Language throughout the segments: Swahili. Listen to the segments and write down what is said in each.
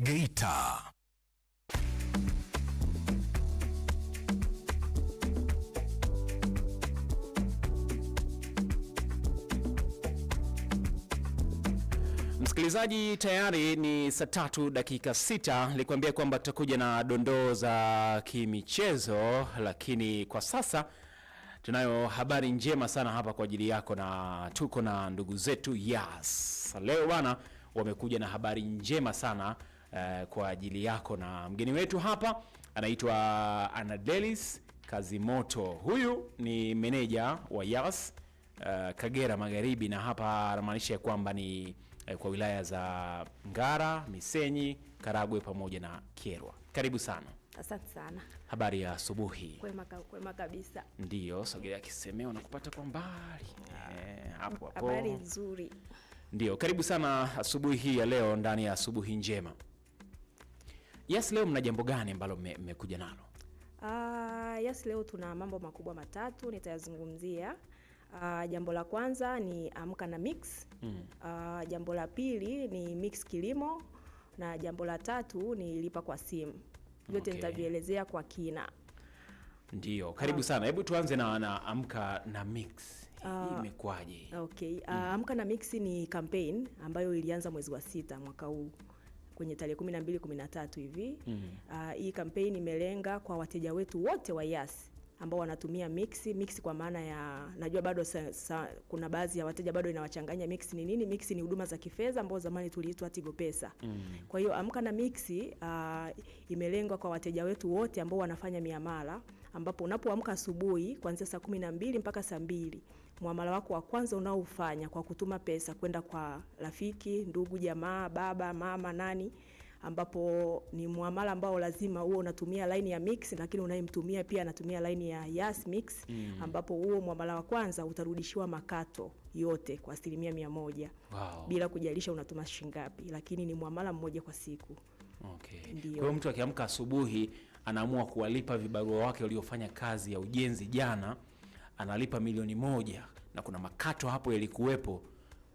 Geita. Msikilizaji, tayari ni saa tatu dakika sita. Nilikwambia kwamba tutakuja na dondoo za kimichezo, lakini kwa sasa tunayo habari njema sana hapa kwa ajili yako, na tuko na ndugu zetu Yas leo bwana, wamekuja na habari njema sana uh, kwa ajili yako. Na mgeni wetu hapa anaitwa Anadelis Kazimoto. Huyu ni meneja wa Yas uh, Kagera Magharibi, na hapa anamaanisha kwamba ni uh, kwa wilaya za Ngara, Misenyi, Karagwe pamoja na Kyerwa. Karibu sana. Asante sana. Habari ya asubuhi. Kwema, kwema kabisa. Ndiyo, sogelea kisemeo na kupata kwa mbali. Eh, hapo hapo. Habari nzuri. Ndio, karibu sana asubuhi hii ya leo ndani ya asubuhi njema. Yes, leo mna jambo gani ambalo mmekuja me, nalo? Uh, yes, leo tuna mambo makubwa matatu nitayazungumzia. Uh, jambo la kwanza ni Amka na Mix. Mm. Uh, jambo la pili ni Mix Kilimo na jambo la tatu ni Lipa kwa Simu. Vyote okay, nitavielezea kwa kina. Ndiyo, karibu sana. Hebu tuanze na, na Amka na Mix. Uh, imekwaje? Okay. Uh, Amka na Mix ni campaign ambayo ilianza mwezi wa sita mwaka huu kwenye tarehe 12 13 hivi mm -hmm. Uh, hii kampeni imelenga kwa wateja wetu wote wa Yas ambao wanatumia mix mix, kwa maana ya najua bado sa, sa, kuna baadhi ya wateja bado inawachanganya mix ni nini. Mix ni huduma za kifedha ambao zamani tuliitwa Tigo Pesa mm. Kwa hiyo Amka na Mix uh, imelengwa kwa wateja wetu wote ambao wanafanya miamala, ambapo unapoamka asubuhi kuanzia saa kumi na mbili mpaka saa mbili muamala wako wa kwanza unaofanya kwa kutuma pesa kwenda kwa rafiki, ndugu, jamaa, baba, mama, nani, ambapo ni muamala ambao lazima huo unatumia line ya Mix, lakini unayemtumia pia anatumia line ya Yas Mix mm. ambapo huo muamala wa kwanza utarudishiwa makato yote kwa asilimia mia moja wow. bila kujalisha unatuma shingapi, lakini ni muamala mmoja kwa siku. Okay. Kwa hiyo mtu akiamka asubuhi anaamua kuwalipa vibarua wake waliofanya kazi ya ujenzi jana, analipa milioni moja na kuna makato hapo yalikuwepo,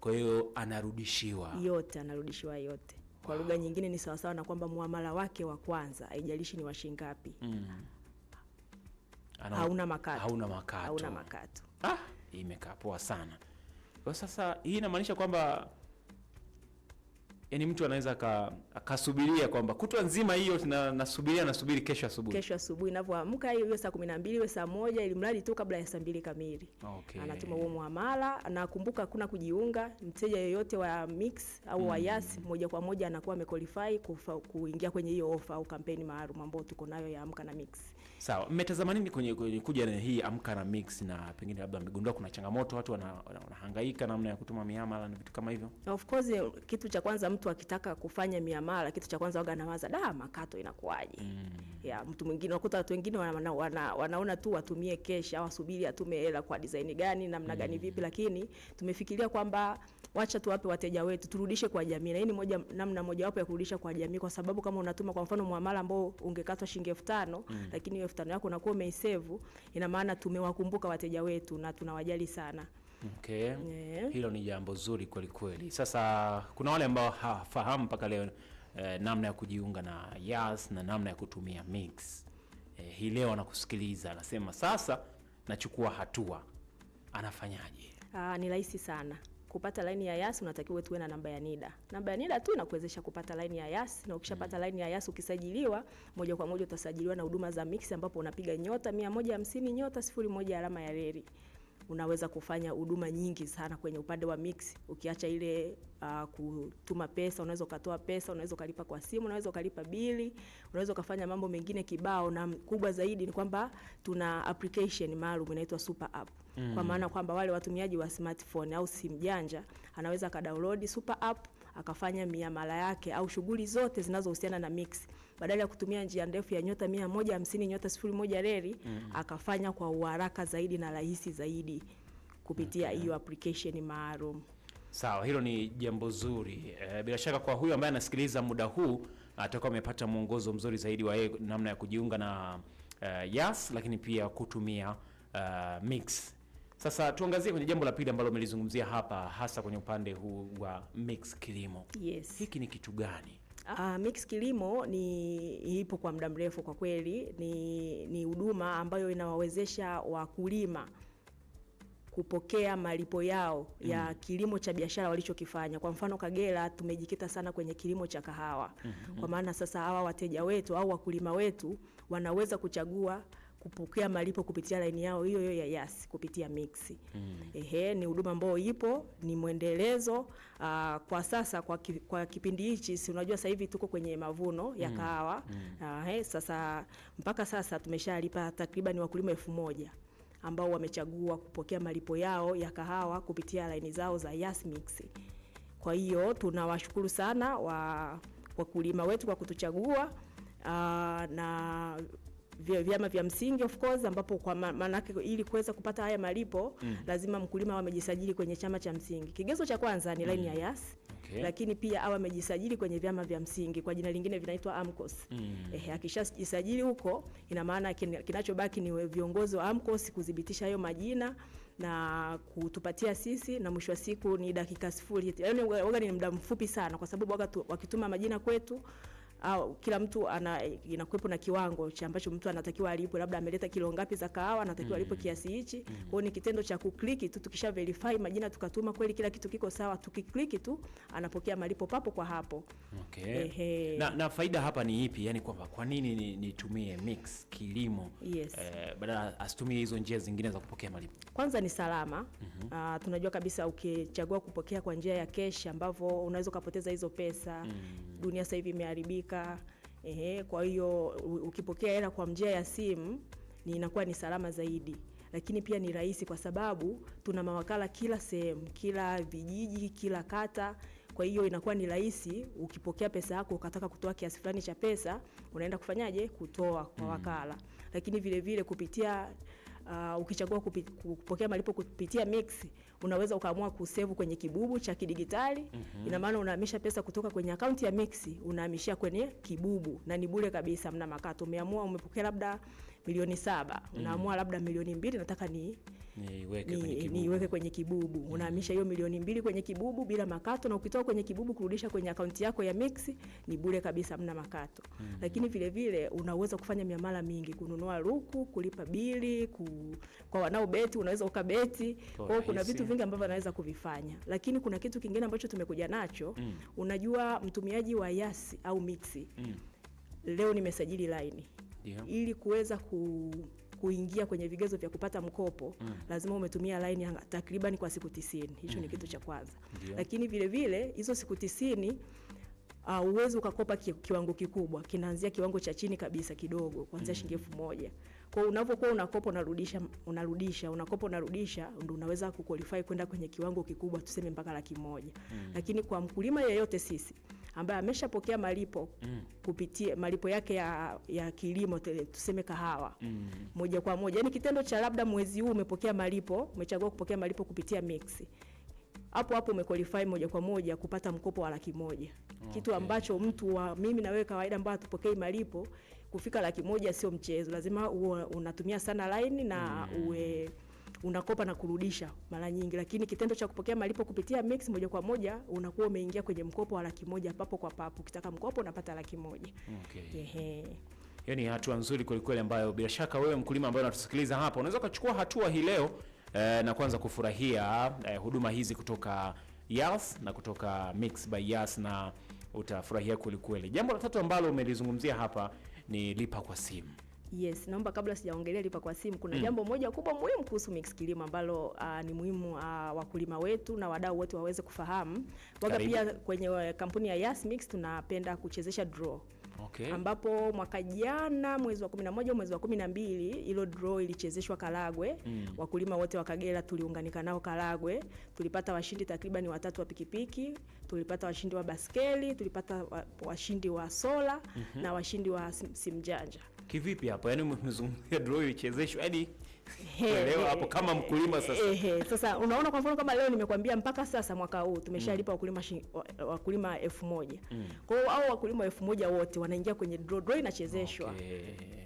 kwa hiyo anarudishiwa yote, anarudishiwa yote. Kwa wow. lugha nyingine ni sawasawa na kwamba muamala wake wa kwanza, haijalishi ni washilingi ngapi, mm. Mm-hmm. hauna makato, hauna makato, hauna makato. Ah, imekaa poa sana. Kwa sasa hii inamaanisha kwamba yani mtu anaweza akasubiria kwamba kutwa nzima hiyo na, nasubiria nasubiri kesho asubuhi, kesho asubuhi inavyoamka iwe saa kumi na mbili iwe saa moja ili mradi tu kabla ya saa mbili kamili okay. Anatuma huo muamala, nakumbuka hakuna kujiunga. Mteja yoyote wa Mix au wa mm. Yas moja kwa moja anakuwa amequalify kuingia kwenye hiyo ofa au kampeni maalum ambayo tuko nayo ya Amka na Mix. Sawa, mmetazama nini kwenye, kwenye kuja na hii Amka na Mix, na pengine labda mmegundua kuna changamoto watu wanahangaika namna ya kutuma miamala na vitu kama hivyo? Of course, eh, kitu cha kwanza mtu akitaka kufanya miamala, kitu cha kwanza waga nawaza da, makato inakuwaje? mm. ya mtu mwingine, unakuta watu wengine wana, wana, wanaona tu watumie kesha au wasubiri atume hela kwa design gani namna gani, mm. vipi, lakini tumefikiria kwamba wacha tuwape wateja wetu, turudishe kwa jamii, na hii ni moja namna mojawapo ya kurudisha kwa jamii, kwa sababu kama unatuma kwa mfano muamala ambao ungekatwa shilingi elfu tano mm. lakini hiyo elfu tano yako unakuwa umeisave, ina maana tumewakumbuka wateja wetu na tunawajali sana. Okay. Yeah. Hilo ni jambo zuri kweli kweli. Sasa kuna wale ambao hafahamu mpaka leo eh, namna ya kujiunga na Yas na namna ya kutumia Mix. Eh, hii leo anakusikiliza anasema sasa nachukua hatua, anafanyaje? Ah, ni rahisi sana kupata laini ya Yas unatakiwa tuwe na namba ya NIDA. Namba ya NIDA tu inakuwezesha kupata laini ya Yas, na ukishapata mm. laini ya Yas ukisajiliwa, moja kwa moja utasajiliwa na huduma za Mix, ambapo unapiga nyota 150 nyota 01 alama ya reli unaweza kufanya huduma nyingi sana kwenye upande wa mix, ukiacha ile uh, kutuma pesa, unaweza ukatoa pesa, unaweza ukalipa kwa simu, unaweza ukalipa bili, unaweza ukafanya mambo mengine kibao, na kubwa zaidi ni kwamba tuna application maalum inaitwa Super App mm. Kwa maana kwamba wale watumiaji wa smartphone au simu janja anaweza akadownload Super App akafanya miamala yake au shughuli zote zinazohusiana na mix badala ya kutumia njia ndefu ya nyota mia moja hamsini nyota sifuri moja reli mm. akafanya kwa uharaka zaidi na rahisi zaidi kupitia hiyo okay. application maalum. Sawa, hilo ni jambo zuri. E, bila shaka kwa huyu ambaye anasikiliza muda huu atakuwa amepata mwongozo mzuri zaidi wa yeye namna ya kujiunga na uh, Yas lakini pia kutumia uh, Mix. Sasa tuangazie kwenye jambo la pili ambalo umelizungumzia hapa hasa kwenye upande huu wa Mix Kilimo. Yes. Hiki ni kitu gani? Uh, Mix Kilimo ni ipo kwa muda mrefu kwa kweli, ni ni huduma ambayo inawawezesha wakulima kupokea malipo yao mm. ya kilimo cha biashara walichokifanya. Kwa mfano Kagera, tumejikita sana kwenye kilimo cha kahawa mm -hmm. kwa maana sasa hawa wateja wetu au wakulima wetu wanaweza kuchagua kupokea malipo kupitia laini yao hiyo hiyo ya Yas kupitia Mix. Mm. Ehe, ni huduma ambayo ipo, ni mwendelezo uh, kwa sasa kwa, ki, kwa kipindi hichi si unajua sasa hivi tuko kwenye mavuno ya mm. kahawa. Mm. Ehe, sasa mpaka sasa tumeshalipa takriban wakulima elfu moja ambao wamechagua kupokea malipo yao ya kahawa kupitia laini zao za Yas Mix. Kwa hiyo tunawashukuru sana wa wakulima wetu kwa kutuchagua uh, na vyama vya msingi of course, ambapo kwa maana yake ili kuweza kupata haya malipo mm. lazima mkulima awe amejisajili kwenye chama cha msingi. Kigezo cha kwanza ni mm. ya yas okay. Lakini pia awe amejisajili kwenye vyama vya msingi kwa jina lingine vinaitwa AMCOS mm. Eh, akishajisajili huko, ina maana kinachobaki ni viongozi wa AMCOS kudhibitisha hayo majina na kutupatia sisi, na mwisho wa siku ni dakika sifuri, yaani waga ni muda mfupi sana, kwa sababu waga wakituma majina kwetu au kila mtu ana inakuwepo na kiwango cha ambacho mtu anatakiwa alipwe, labda ameleta kilo ngapi za kahawa anatakiwa alipwe mm. kiasi hichi. Mm. Kwa hiyo ni kitendo cha kukliki tu, tukisha verify majina tukatuma, kweli kila kitu kiko sawa, tukikliki tu anapokea malipo papo kwa hapo. Okay. Ehe. Na, na faida hapa ni ipi? Yani kwamba kwa nini nitumie ni mix kilimo yes. Eh, badala asitumie hizo njia zingine za kupokea malipo? Kwanza ni salama. mm -hmm. Uh, tunajua kabisa ukichagua kupokea kwa njia ya kesh ambavyo unaweza ukapoteza hizo pesa mm -hmm dunia sasa hivi imeharibika. Ehe, kwa hiyo ukipokea hela kwa njia ya simu ni inakuwa ni salama zaidi, lakini pia ni rahisi kwa sababu tuna mawakala kila sehemu, kila vijiji, kila kata. Kwa hiyo inakuwa ni rahisi ukipokea pesa yako ukataka kutoa kiasi fulani cha pesa, unaenda kufanyaje? Kutoa kwa mm. wakala. Lakini vile vile kupitia uh, ukichagua kupi, kupokea malipo kupitia Mix unaweza ukaamua kusevu kwenye kibubu cha kidigitali mm -hmm. Ina maana unahamisha pesa kutoka kwenye akaunti ya mixi unahamishia kwenye kibubu na ni bure kabisa, mna makato. Umeamua umepokea labda milioni saba mm. unaamua labda milioni mbili nataka ni niiweke ni, kwenye, ni kwenye kibubu mm. unahamisha hiyo milioni mbili kwenye kibubu bila makato, na ukitoa kwenye kibubu kurudisha kwenye akaunti yako ya Mix ni bure kabisa, mna makato mm. Lakini vilevile unaweza kufanya miamala mingi, kununua ruku kulipa bili ku, kwa wanao beti unaweza ukabeti. Kwa hiyo kuna vitu vingi ambavyo anaweza kuvifanya, lakini kuna kitu kingine ambacho tumekuja nacho mm. Unajua mtumiaji wa Yasi au Mix mm. Leo nimesajili laini yeah. ili kuweza ku kuingia kwenye vigezo vya kupata mkopo mm. lazima umetumia line takriban kwa siku tisini. Hicho mm. ni kitu cha kwanza yeah. Lakini vilevile hizo siku tisini uh, uh, ukakopa ki, kiwango kikubwa, kinaanzia kiwango cha chini kabisa kidogo, kuanzia mm. shilingi elfu moja. Kwa hiyo unapokuwa unakopa unarudisha, unarudisha, unakopa unarudisha, ndio unaweza kuqualify kwenda kwenye kiwango kikubwa, tuseme mpaka laki moja mm. Lakini kwa mkulima yeyote sisi ambaye ameshapokea malipo mm. kupitia malipo yake ya, ya kilimo tuseme kahawa mm. moja kwa moja, yani kitendo cha labda mwezi huu umepokea malipo, umechagua kupokea malipo kupitia mix hapo hapo umekwalify moja kwa moja kupata mkopo wa laki moja okay. Kitu ambacho mtu wa mimi na wewe kawaida ambao hatupokei malipo kufika laki moja sio mchezo, lazima uwe unatumia sana line na mm. uwe unakopa na kurudisha mara nyingi, lakini kitendo cha kupokea malipo kupitia Mix moja kwa moja unakuwa umeingia kwenye mkopo wa laki moja papo kwa papo. Ukitaka mkopo unapata laki moja. Okay. Ehe. Hiyo ni hatua nzuri kwelikweli, ambayo bila shaka wewe mkulima ambaye unatusikiliza hapa unaweza ukachukua hatua hii leo eh, na kuanza kufurahia eh, huduma hizi kutoka Yas na kutoka Mix by Yas na utafurahia kwelikweli. Jambo la tatu ambalo umelizungumzia hapa ni lipa kwa simu. Yes, naomba kabla sijaongelea lipa kwa simu, kuna mm. jambo moja kubwa muhimu kuhusu Mix Kilimo ambalo uh, ni muhimu uh, wakulima wetu na wadau wote waweze kufahamu. Waga pia kwenye eh, kampuni ya Yas Mix tunapenda kuchezesha draw. Okay. Ambapo mwaka jana mwezi wa 11 mwezi wa 12 hilo draw ilichezeshwa Karagwe mm. Wakulima wote wa Kagera tuliunganika nao Karagwe, tulipata washindi takriban watatu wa pikipiki, tulipata washindi wa baskeli, tulipata washindi wa sola mm -hmm. na washindi wa simjanja Kivipi hapo? Yani umezungumzia draw ichezeshwe. yani leo hapo kama mkulima sasa. Ehe, sasa unaona kwa mfano kama leo nimekwambia mpaka sasa mwaka huu tumeshalipa mm. wakulima wakulima elfu moja. Mm. Kwa hiyo au wakulima elfu moja wote wanaingia kwenye draw, draw inachezeshwa. Okay.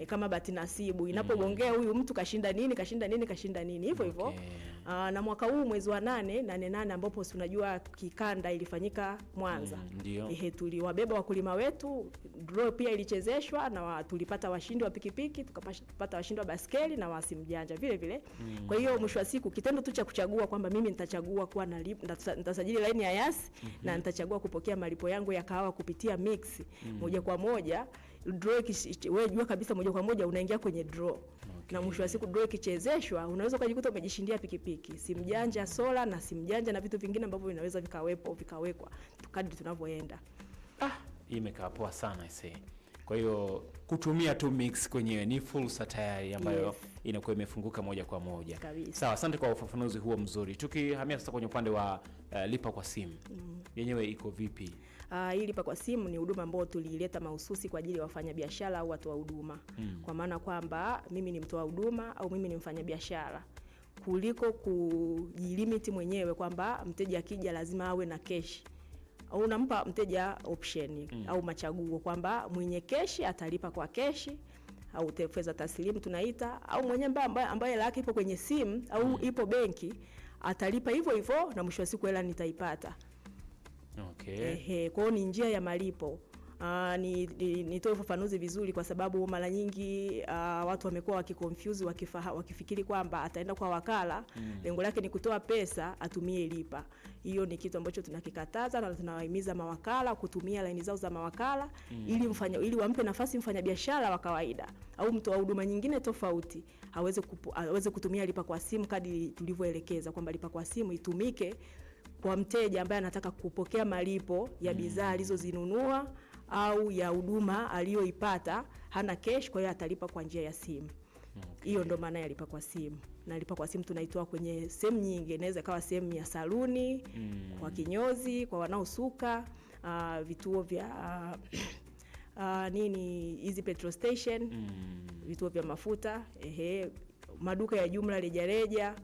E, kama bahati nasibu inapogongea mm. huyu mtu kashinda nini, kashinda nini, kashinda nini. Hivyo hivyo. Okay. Aa, ah, na mwaka huu mwezi wa nane nane nane ambapo si unajua kikanda ilifanyika Mwanza mm, ehe, tuliwabeba wakulima wetu, draw pia ilichezeshwa na wa, tulipata washindi wa pikipiki tukapata washindi wa baskeli na wasimjanja vile vile mm. Kwa hiyo mwisho wa siku kitendo tu cha kuchagua kwamba mimi nitachagua kuwa na nitasajili laini ya Yas mm -hmm. na nitachagua kupokea malipo yangu ya kahawa kupitia Mix mm -hmm. moja kwa moja draw, wewe jua kabisa moja kwa moja unaingia kwenye draw okay. Na mwisho wa siku draw ikichezeshwa, unaweza ukajikuta umejishindia pikipiki, simu janja, sola na simu janja na vitu vingine ambavyo vinaweza vikawepo vikawekwa kadri tunavyoenda. Ah, imekaa poa sana ise. Kwa hiyo kutumia tu mix kwenyewe ni fursa tayari ambayo yes, inakuwa imefunguka moja kwa moja Sawa, asante kwa ufafanuzi huo mzuri. Tukihamia sasa kwenye upande wa uh, lipa kwa simu mm, yenyewe iko vipi? Uh, ah, ili pa kwa simu ni huduma ambayo tulileta mahususi kwa ajili ya wafanyabiashara au watoa huduma mm. Kwa maana kwamba mimi ni mtoa huduma au mimi ni mfanyabiashara kuliko kujilimiti mwenyewe kwamba mteja akija lazima awe na keshi unampa mteja option mm. au machaguo kwamba mwenye keshi atalipa kwa keshi au fedha taslimu tunaita, au mwenye ambaye ambaye lake ipo kwenye simu au mm. ipo benki atalipa hivyo hivyo, na mwisho wa siku hela nitaipata. Okay. Ehe, kwa ni njia ya malipo. Uh, nitoe ni, ufafanuzi vizuri kwa sababu mara nyingi aa, ah, watu wamekuwa wakikonfuse wakifikiri kwamba ataenda kwa wakala mm. Lengo lake ni kutoa pesa atumie lipa. Hiyo ni kitu ambacho tunakikataza na tunawahimiza mawakala kutumia laini zao za mawakala mm. ili, mfanya, ili wampe nafasi mfanyabiashara wa kawaida au mtoa huduma nyingine tofauti aweze, kupu, aweze kutumia lipa kwa simu kadi tulivyoelekeza kwamba lipa kwa simu itumike kwa mteja ambaye anataka kupokea malipo ya mm. bidhaa alizozinunua au ya huduma aliyoipata, hana cash, kwa hiyo atalipa kwa njia ya simu. Hiyo okay. Ndo maana ya lipa kwa simu, na lipa kwa simu tunaitoa kwenye sehemu nyingi, inaweza ikawa sehemu ya saluni mm. kwa kinyozi, kwa wanaosuka uh, vituo vya uh, uh, nini hizi petrol station mm. vituo vya mafuta ehe, maduka ya jumla rejareja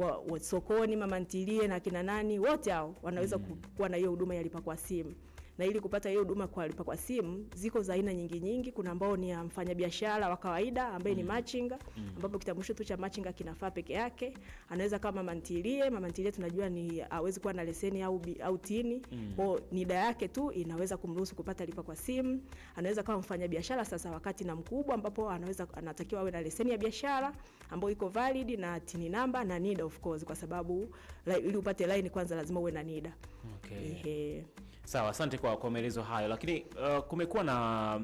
wa, wa sokoni, mama ntilie na kina nani wote hao wanaweza mm. kuwa na hiyo huduma ya lipa kwa simu na ili kupata hiyo huduma kwa lipa kwa simu ziko za aina nyingi nyingi. Kuna ambao ni ya mfanyabiashara wa kawaida ambaye mm. ni machinga mm. ambapo kitambulisho tu cha machinga kinafaa peke yake. Anaweza kama mama ntilie, mama ntilie tunajua ni hawezi kuwa na leseni au au tini mm. kwao nida yake tu inaweza kumruhusu kupata lipa kwa simu. Anaweza kama mfanyabiashara sasa wakati na mkubwa, ambapo anaweza anatakiwa awe na leseni ya biashara ambayo iko valid na tini namba na nida of course, kwa sababu ili upate line kwanza lazima uwe na nida okay. Ehe. Sawa, asante kwa, kwa maelezo hayo, lakini uh, kumekuwa na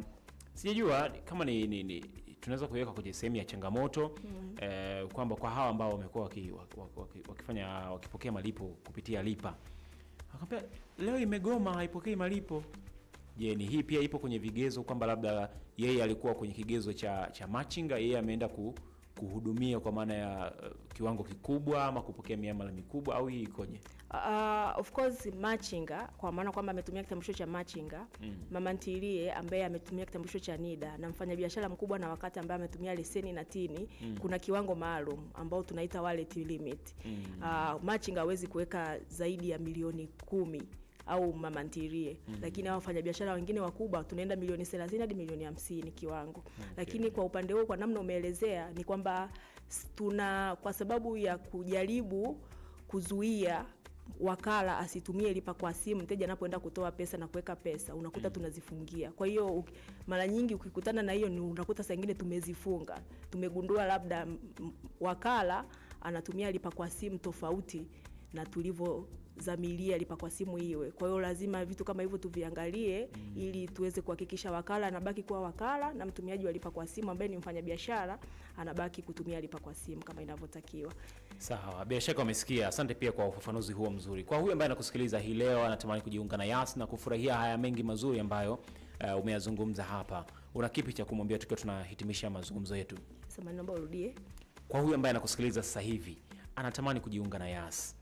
sijajua kama ni, ni, ni tunaweza kuiweka kwenye sehemu ya changamoto mm. Eh, kwamba kwa hawa ambao wamekuwa waki, waki, waki, wakifanya wakipokea malipo kupitia Lipa akamwambia leo imegoma haipokei malipo. Je, ni hii pia ipo kwenye vigezo kwamba labda yeye alikuwa kwenye kigezo cha, cha machinga yeye ameenda ku kuhudumia kwa maana ya uh, kiwango kikubwa ama kupokea miamala mikubwa au hii ikoje? Uh, uh, of course machinga kwa maana kwamba ametumia kitambulisho cha machinga mm. Mama ntilie ambaye ametumia kitambulisho cha NIDA na mfanyabiashara mkubwa na wakati ambaye ametumia leseni na tini mm. Kuna kiwango maalum ambao tunaita wallet limit mm. Uh, machinga hawezi kuweka zaidi ya milioni kumi au mama mm -hmm. Lakini hao wafanyabiashara wengine wakubwa tunaenda milioni 30 hadi milioni 50 kiwango okay. Lakini kwa upande huo, kwa namna umeelezea, ni kwamba tuna kwa sababu ya kujaribu kuzuia wakala asitumie lipa kwa simu mteja anapoenda kutoa pesa na kuweka pesa, unakuta mm. tunazifungia. Kwa hiyo mara nyingi ukikutana na hiyo ni unakuta saa nyingine tumezifunga, tumegundua labda wakala anatumia lipa kwa simu tofauti na tulivyozamilia lipa kwa simu iwe. Kwa hiyo lazima vitu kama hivyo tuviangalie mm ili tuweze kuhakikisha wakala anabaki kuwa wakala na mtumiaji wa lipa kwa simu ambaye ni mfanyabiashara anabaki kutumia lipa kwa simu kama inavyotakiwa. Sawa, bila shaka umesikia. Asante pia kwa ufafanuzi huo mzuri. Kwa huyu ambaye anakusikiliza hii leo anatamani kujiunga na Yas na kufurahia haya mengi mazuri ambayo Uh, umeyazungumza hapa, una kipi cha kumwambia tukiwa tunahitimisha mazungumzo yetu? Samahani, naomba urudie. Kwa huyu ambaye anakusikiliza sasa hivi anatamani kujiunga na Yas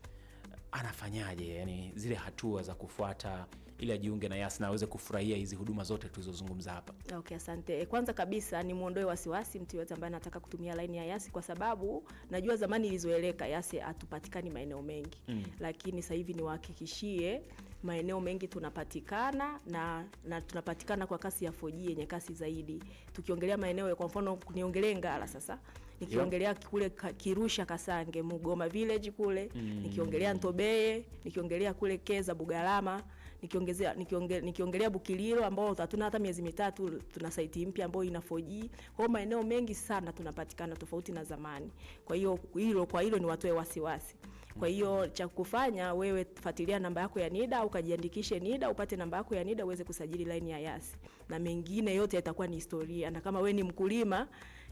anafanyaje, yani zile hatua za kufuata ili ajiunge na Yas na aweze kufurahia hizi huduma zote tulizozungumza hapa. Okay, asante. Eh, kwanza kabisa ni muondoe wasiwasi mtu yote ambaye anataka kutumia laini ya Yas, kwa sababu najua zamani ilizoeleka Yas hatupatikani maeneo mengi mm. Lakini sasa hivi niwahakikishie maeneo mengi tunapatikana na, na tunapatikana kwa kasi ya 4G yenye kasi zaidi. Tukiongelea maeneo kwa mfano niongelee Ngara sasa nikiongelea yeah. kule Kirusha Kasange Mugoma village kule mm. nikiongelea Ntobeye nikiongelea kule Keza Bugalama nikiongezea nikionge, nikiongelea Bukililo ambao hatuna hata miezi mitatu tuna site mpya ambayo ina 4G. Kwa maeneo mengi sana tunapatikana tofauti na zamani. Kwa hiyo hilo kwa hilo ni watoe wasiwasi. wasi. Kwa hiyo cha kufanya wewe, fuatilia namba yako ya NIDA au kajiandikishe NIDA, upate namba yako ya NIDA uweze kusajili line ya Yasi, na mengine yote yatakuwa ni historia. Na kama we ni mkulima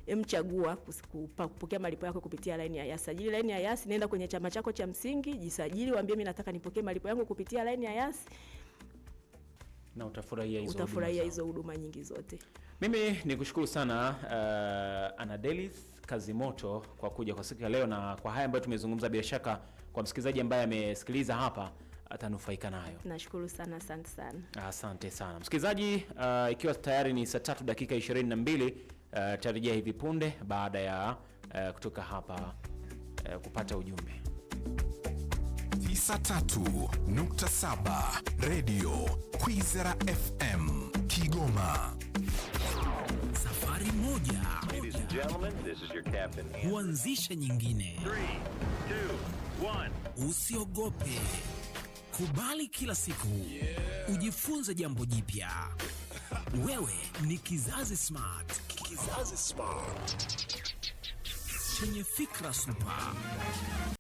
mchagua kupokea malipo yako kupitia laini ya Yas. Sajili laini ya Yas, nenda kwenye chama chako cha msingi, jisajili, waambie mimi nataka nipokee malipo yangu kupitia laini ya Yas na utafurahia hizo utafurahia hizo huduma nyingi zote. Mimi ni kushukuru sana uh, Anadelis Kazimoto kwa kuja kwa siku ya leo na kwa haya ambayo tumezungumza, bila shaka kwa msikilizaji ambaye amesikiliza hapa atanufaika nayo. Nashukuru sana, asante sana, asante sana msikilizaji. Uh, ikiwa tayari ni saa tatu dakika 22 uh, eh, tarejea hivi punde baada ya uh, kutoka hapa uh, kupata ujumbe 93.7 Radio Kwizera FM Kigoma. Safari moja huanzisha nyingine. Usiogope, kubali kila siku, yeah. Ujifunze jambo jipya. Wewe ni Kizazi Smart. Kizazi Spa chenye fikra supa.